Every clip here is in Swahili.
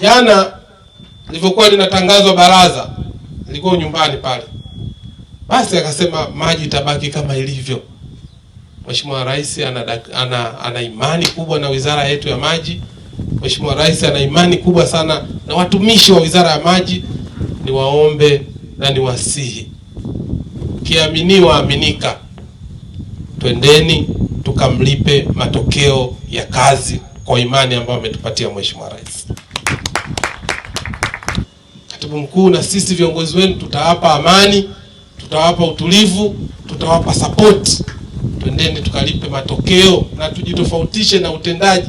Jana nilivyokuwa linatangazwa baraza, nilikuwa nyumbani pale, basi akasema maji itabaki kama ilivyo. Mheshimiwa Rais ana, ana, ana imani kubwa na wizara yetu ya maji. Mheshimiwa Rais ana imani kubwa sana na watumishi wa wizara ya maji. Niwaombe na niwasihi, kiaminiwa aminika, twendeni tukamlipe matokeo ya kazi kwa imani ambayo ametupatia Mheshimiwa Rais katibu mkuu na sisi viongozi wenu tutawapa amani, tutawapa utulivu, tutawapa sapoti. Twendeni tukalipe matokeo na tujitofautishe na utendaji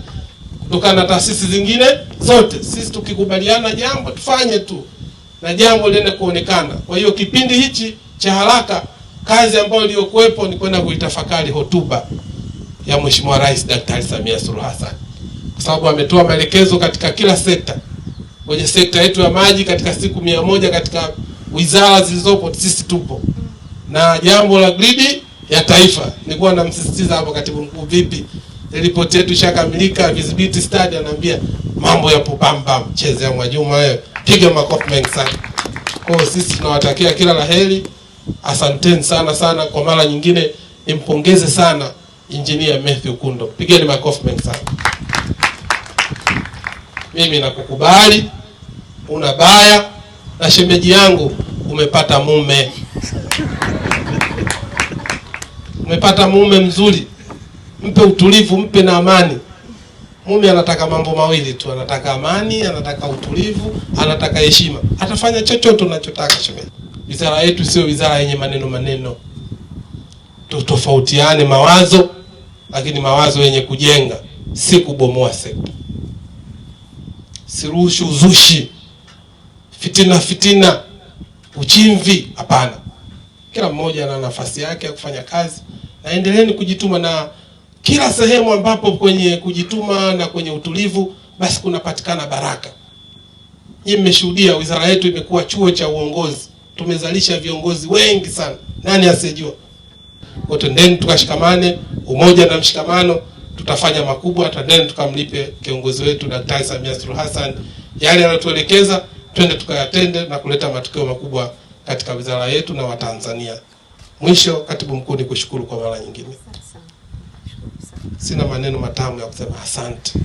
kutokana na taasisi zingine zote. Sisi tukikubaliana jambo tufanye tu na jambo liende kuonekana. Kwa hiyo kipindi hichi cha haraka, kazi ambayo iliyokuwepo ni kwenda kuitafakari hotuba ya Mheshimiwa Rais Daktari Samia Suluhu Hassan, kwa sababu ametoa maelekezo katika kila sekta kwenye sekta yetu ya maji katika siku mia moja katika wizara zilizopo sisi tupo na jambo la gridi ya taifa. Nilikuwa namsisitiza hapo katibu mkuu, vipi ripoti yetu ishakamilika, visibility study, anaambia mambo yapo bam bam, cheze ya Mwajuma wewe, piga makofi mengi sana. Kwa hiyo sisi tunawatakia kila la heri, asanteni sana sana. Kwa mara nyingine nimpongeze sana Engineer Matthew Kundo, pigeni makofi mengi sana. Mimi nakukubali una baya na shemeji yangu, umepata mume umepata mume mzuri, mpe utulivu, mpe na amani. Mume anataka mambo mawili tu, anataka amani, anataka utulivu, anataka heshima. Atafanya chochote unachotaka shemeji. Wizara yetu sio wizara yenye maneno maneno, tofautiane mawazo, lakini mawazo yenye kujenga, si kubomoa sekta. Siruhusu uzushi fitina fitina, uchimvi, hapana. Kila mmoja ana nafasi yake ya kufanya kazi, na endeleeni kujituma, na kila sehemu ambapo kwenye kujituma na kwenye utulivu, basi kunapatikana baraka. Nyie mmeshuhudia, wizara yetu imekuwa chuo cha uongozi, tumezalisha viongozi wengi sana, nani asiyejua? Twendeni tukashikamane, umoja na mshikamano tutafanya makubwa. Twendeni tukamlipe kiongozi wetu Daktari Samia Suluhu Hassan yale yanayotuelekeza twende tukayatende na kuleta matokeo makubwa katika wizara yetu na Watanzania. Mwisho, katibu mkuu, ni kushukuru kwa mara nyingine, sina maneno matamu ya kusema, asante.